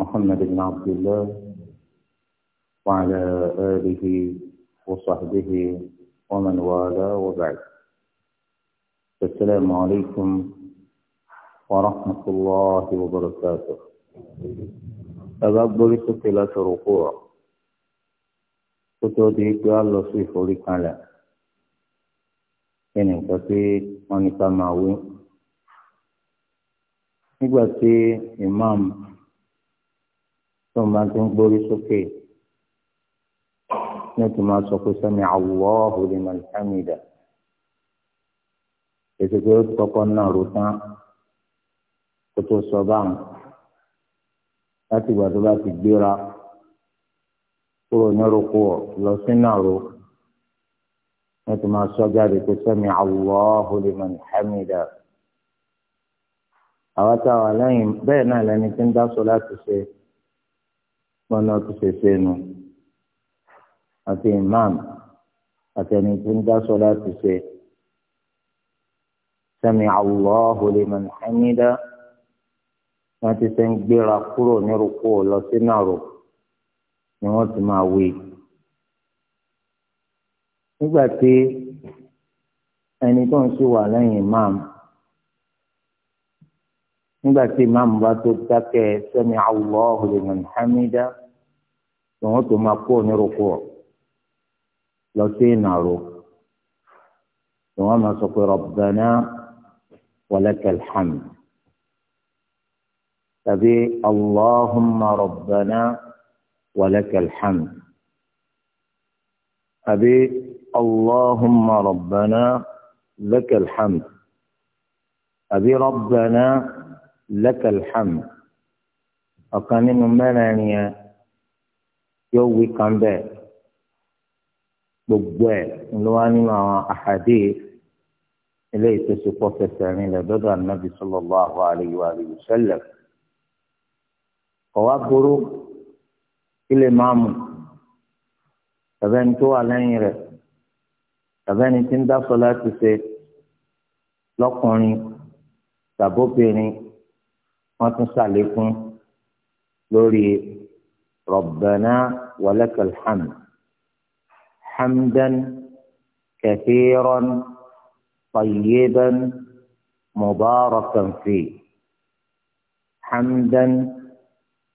محمد بن عبد الله وعلى آله وصحبه ومن والاه وبعد السلام عليكم ورحمة الله وبركاته أبقى لسفلة ركوع كتودي قال صيف لكالا إن كثير من كما نيجاتي إمام tó máa ti ń gbórí sókè ní tó máa sọ pé sami Allahu liman hamida ètò pé ó kọ́kọ́ náà ro tán kó tó sọ báwọn láti ìgbà tó bá ti gbéra kúrò ní rúkú lọ sí náà ro ní tó máa sọ jáde pé sami Allahu liman hamida àwọn táwọn lẹ́yìn bẹ́ẹ̀ náà lẹni tí ń dá sọ láti ṣe bọ́lá tó ṣe ṣe nu àti imam àtẹni tó ń dá sọlá ti ṣe sami allahu liman hamida wọn ti ṣe ń gbéra kúrò ní lọ sí nàró ni wọn ti máa wí nígbà tí ẹni tó ń ṣe wà lẹ́yìn imam. nígbà tí ìmáàmù bá tó dákẹ́ sẹ́mi Allahu liman hamida lòun tó máa kó onírúkú ọ̀ lọ sí ìnàró lòun máa sọ pé rabbana walakal hamd tàbí Allahumma rabbana walakal hamd tàbí Allahumma rabbana lakal hamd tàbí rabbana. lakal hamd ọ̀kan nínú mẹ́rẹ̀ẹ̀rin yẹn yóò wí kan bẹ́ẹ̀ gbogbo ẹ̀ ló wá nínú àwọn àhàdé eléyìí tó ṣe pọ̀ fẹsẹ̀ rìn lẹ̀ dọ́dọ̀ ànábì sallallahu alayhi wa sallam ọ̀wá burú ilé máàmù tàbẹ́ni tó wà lẹ́yìn rẹ̀ tàbẹ́ni tí ń dá láti ṣe lọ́kùnrin tàbóbìnrin. wọ́n tún ṣàlékún lórí rọ̀bẹ̀nà walakal hamd hamdan kathiran tayyiban mubarakan fi hamdan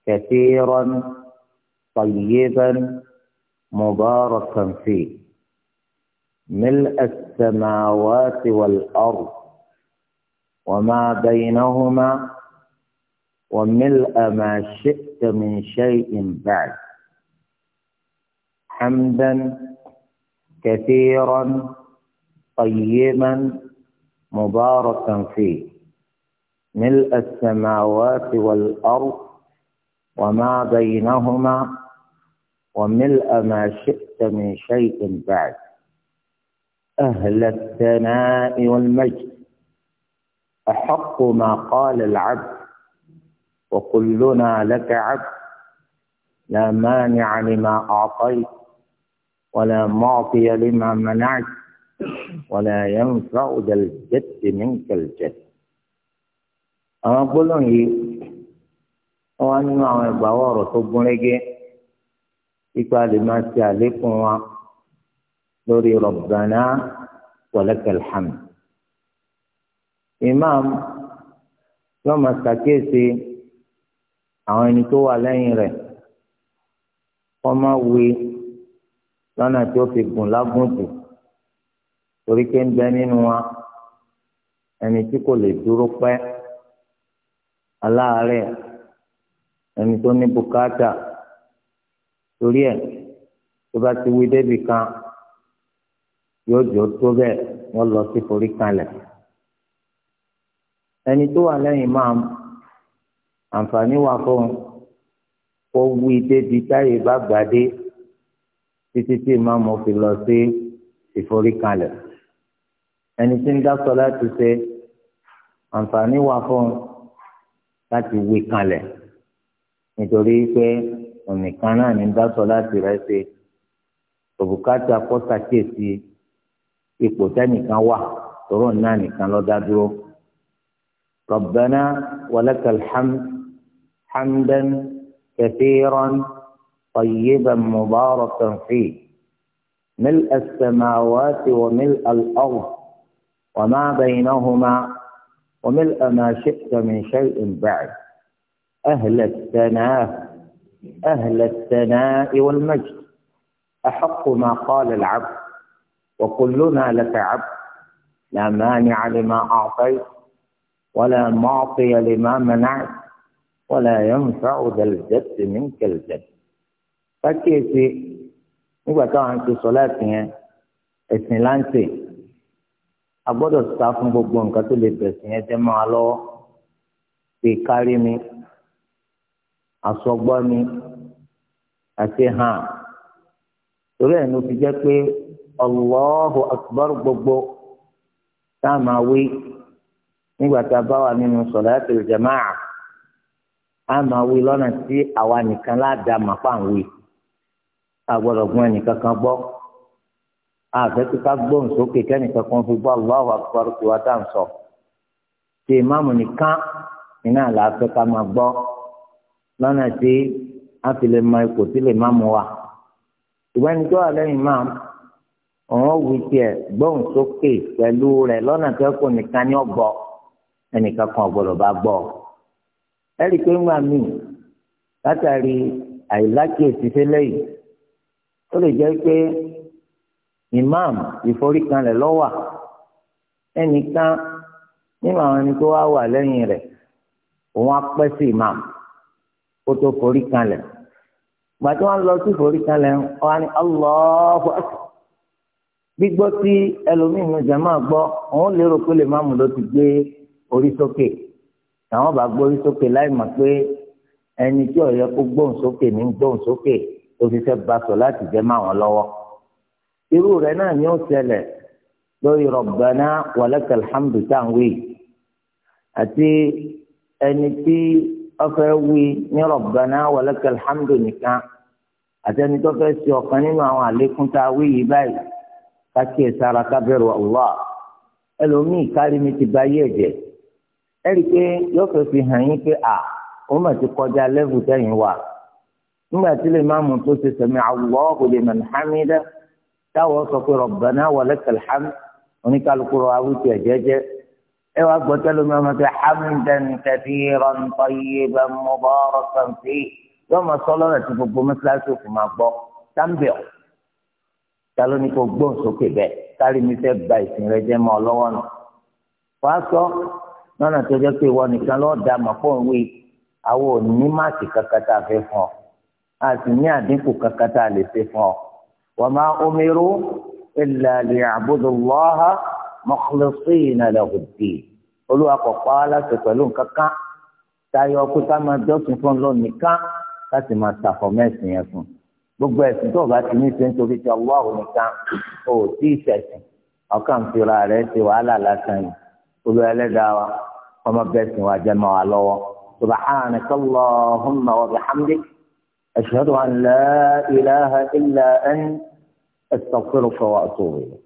kathiran tayyiban mubarakan fi ملء السماوات والأرض وما بينهما وملء ما شئت من شيء بعد حمدا كثيرا قيما مباركا فيه ملء السماوات والأرض وما بينهما وملء ما شئت من شيء بعد أهل الثناء والمجد أحق ما قال العبد وكلنا لك عبد لا مانع لما اعطيت ولا معطي لما منعت ولا ينفع ذا الجد منك الجد اما قلنا هي او ان ما باو رتبنيكي ايكالي عليكم لوري ربنا ولك الحمد امام لما تكيسي àwọn ẹni tó wà lẹ́yìn rẹ̀ kọ́ má we lọ́nà tí ó fi gùn lágùn jù torí pé ń bẹ nínú wa ẹni tí kò lè dúró pẹ́ aláàárẹ̀ ẹni tó ní bùkátà torí ẹ̀ tó bá ti wí débì kan yóò jọ tó bẹ́ẹ̀ wọ́n lọ sí forí ẹni tó wà lẹ́yìn máa àǹfààní wà fún un kó wí débi táyé bá gbàdé títí tí ìmáàmù fi lọ sí ìforíkalẹ̀ ẹni tí ń dá sọlá ti ṣe àǹfààní wà fún un láti wí kalẹ̀ nítorí pé ònìkan náà ní dá sọlá rẹ̀ ṣe òbúkátà kó ipò tẹ́nìkan wà tòró náà nìkan ló dúró. ربنا ولك الحمد حمدا كثيرا طيبا مباركا فيه ملء السماوات وملء الأرض وما بينهما وملء ما شئت من شيء بعد أهل الثناء أهل الثناء والمجد أحق ما قال العبد وكلنا لك عبد لا مانع لما أعطيت ولا معطي لما منعت ولا ينفع ذا الجد منك الجد fákèsì nígbà táwọn àti sọlá tìyẹn ẹ̀sìn láǹtì a gbọ́dọ̀ sá fún gbogbo nǹkan tó lè bẹ̀sìn yẹn jẹ́ máa lọ́wọ́ pé kárí mi àsọgbọ́ mi àti hàn torí ẹ̀ ló fi jẹ́ pé Allahu akbar gbogbo tá máa wí nígbà tá a bá wà nínú sọlá tìlù jama'a a máa wí lọ́nà tí àwa nìkan láàdá máa pa àwọn wí a gbọ́dọ̀ gun ẹnìkan kan gbọ́ a fẹ́ kí ká gbóhùn sókè kẹ́nìkan kan fi gbọ́ Allahu Akbar tí wàá tàn sọ tí ìmáàmù nìkan iná làáfẹ́ ká máa gbọ́ lọ́nà tí a fi lè mọ ipò tí lè má mu wa ìwé ẹni tó wà lẹ́yìn máa òun wí tiẹ̀ gbóhùn sókè pẹ̀lú rẹ̀ lọ́nà tó kù nìkan ní ọ̀gbọ́ ẹnìkan kan ọ̀gbọ́dọ̀ bá gbọ́ ọ. ẹ̀rí pé máa mì látàrí àìlákìyèsí sílẹ̀ yìí ó lè jẹ́ pé imam ìforíkanlẹ̀ lọ́wà ẹnìkan nínú àwọn ẹni tó wá wà lẹ́yìn rẹ̀ òun á pẹ́ sí imam kó tó foríkanlẹ̀ gbàtí wọ́n lọ sí foríkanlẹ̀ wọn á ní Allahu akbar tí ẹlòmíín nu jàmáà gbọ́ òun lérò pé lè má ló ti gbé orí làwọn bá gbórí sókè láì mọ̀ pé ẹni tí ó yẹ kó gbóhùn sókè ní gbóhùn sókè tó fi fẹ́ ba sọ láti jẹ́ máa wọn lọ́wọ́ irú rẹ̀ náà ni ó ṣẹlẹ̀ lórí Rabbana walakal hamdu táǹwì àti ẹni tí ó fẹ́ wí ní Rabbana walakal hamdu nìkan àtẹni tó fẹ́ ṣe ọ̀kan nínú àwọn àlékún tá a wí yìí báyìí kákíyèsára kábẹ́rù Allah ẹlòmíì kárí mi ti bá yé ẹ̀jẹ̀ ẹ rí i pé yóò fẹ́ fi hàn yín pé à òun mà ti kọjá lẹ́bù tẹ̀yìn wà nígbà tí lè máa mú tó ṣe sẹ̀mí Allahu liman hamida táwọn sọ pé rabbana walakal hamd oníkálukú rọ awùjọ jẹ́jẹ́ ẹ wá gbọ́ tẹ́lẹ̀ mi ọmọ pé hamdan kathiran tayyiban mubarakan fi yóò máa sọ lọ́rọ̀ tí gbogbo mẹ́tíláṣí òkú máa gbọ́ táǹbẹ̀ọ̀ talo lọ́nà tó jẹ́ pé ìwọ nìkan lọ́ọ́ da mà fún òwe àwọn ò ní máàkì kankan tá a fẹ́ fún ọ a sì ní àdínkù kankan tá a lè fẹ́ fún ọ. wa ma umiru illa liya'budu Allaha mukhlisina lahu ddin olúwa kò pa á láti pẹ̀lú nǹkan táyọ̀ kó máa jọ́sìn fún lọ nìkan láti máa ṣàfọ̀ mẹ́sìn yẹn fún gbogbo ẹ̀sìn tó bá ti ní ṣe nítorí ti Allah nìkan ò tí ì ṣẹ̀sìn ọkàn fìlà rẹ̀ ṣe wàhálà lásán yìí olúwa ẹlẹ́dàá wa. وما بيت وجمع الله سبحانك اللهم وبحمدك أشهد أن لا إله إلا أنت أستغفرك وأتوب إليك